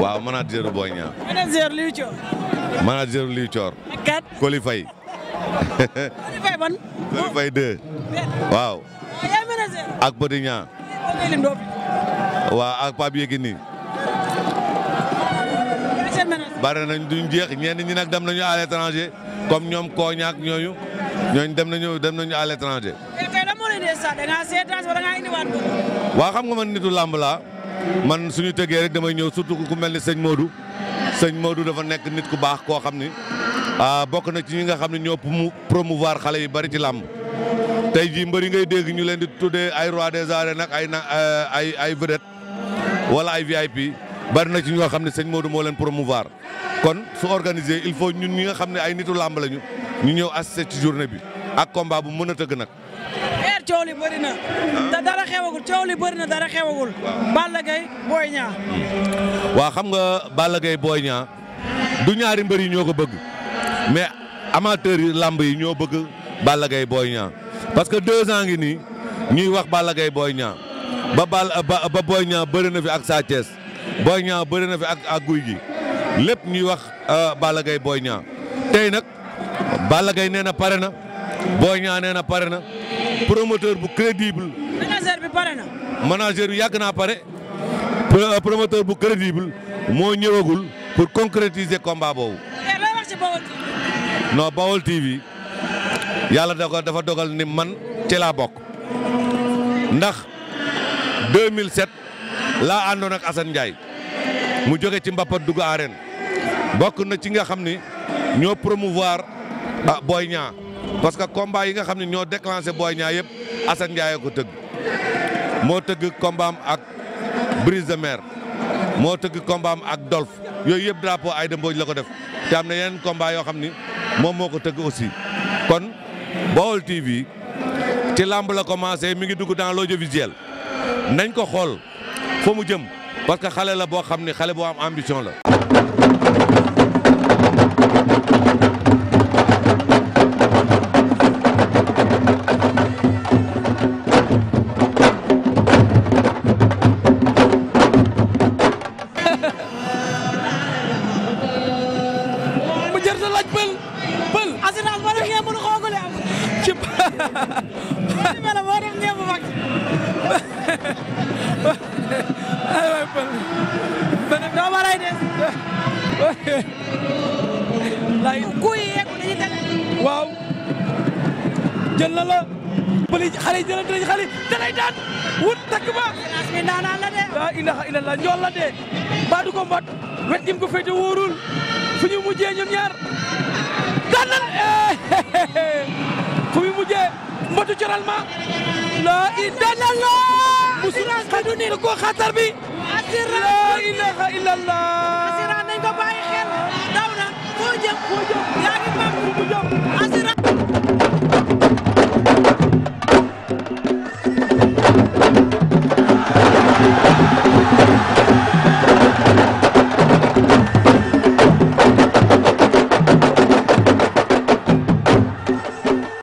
waaw manager Boy Niang. manager Liu Thior. manager Liu Thior. ak kat waaw. Ah, ak Petit Niang. bare nañ duñ jeex ñenn ñi nag dem nañu à l'étranger comme ñoom Koña ak ñooñu ñooñu dem nañu dem nañu à l'étranger. Eh, waa xam nga man nitu làmb man suñu tëggee rek damay ñëw surtout ku mel ni sëñ Modou sëñ Modou dafa nekk nit ku baax koo xam ni ah, bokk na ci ñi nga xam ne ñoo promouvoir xale yi bari ci làmb tey jii mbër yi ngay dégg ñu leen di tuddee ay roi des arènes nag ay na eh, ay ay vedette wala ay VIP bari na ci ñoo xam ne sëñ Modou moo leen promouvoir kon su organiser il faut ñun ñi nga xam ne ay nitu làmb lañu ñu ñëw assister ci journée bi. ak combat bu mën a tëgg nag. weer coow li bëri dara xewagul coow li bëri dara xewagul. Balla Gaye Boy Niang. Hmm. waa xam nga Balla Gaye booy ñaa du ñaari mbër yi ñoo ko bëgg mais amateur yi làmb yi ñoo bëgg Balla gay booy ñaa parce que deux ans ngi nii ñuy wax Balla gay booy ñaa ba Bal ba ba Boy Niang bëri na fi ak Sa booy ñaa Niang na fi ak ak gi lépp ñuy wax euh, Balla Gaye Boy Niang tey nag Balla gay nee na pare na. booy Niang nee na pare na promoteur bu crédible. manager bi pare na. manager naa pare euh, promoteur bu crédible moo ñëwagul pour concrétiser combat boobu. Eh, looy wax ci Bawol TV. yàlla dafa dafa dogal ni man ci laa bokk ndax 2007 laa àndoon ak Assane Ndiaye mu joge ci Mbappat dugg arène bokk na ci nga xam ni ñoo promouvoir ah Boy Niang parce que combat yi nga xam ne ñoo déclenché Boy Niang yëpp Assane Ndiaye ko tëgg moo tëgg combat ak Brise de Mer moo tëgg combat ak Dolf yooyu yëpp drapeau Aïda Mbodj la ko def te am na yeneen combat yoo xam ni moom moo ko tëgg aussi kon Baol TV ci làmb la commencé mi ngi dugg dans l'audiovisuel nañ ko xool fa mu jëm parce que xale la boo xam ne xale boo am ambition la moo def ñepp mag ay pël ben do ma lay des lay kuy jël na la pël xale yi jëlante xale yi da lay daan wut takk ba daanaan la de la ilaha illallah njool de ba ko mbat wet gi mu ko féete wóorul fu ñu mujjee ñoom ñaar daan na la fu mu mujjee mbatu coral ma laa ilaha illallah assurance bi du nit ko xatar bi laa ilaha yaa ngi mag fu mu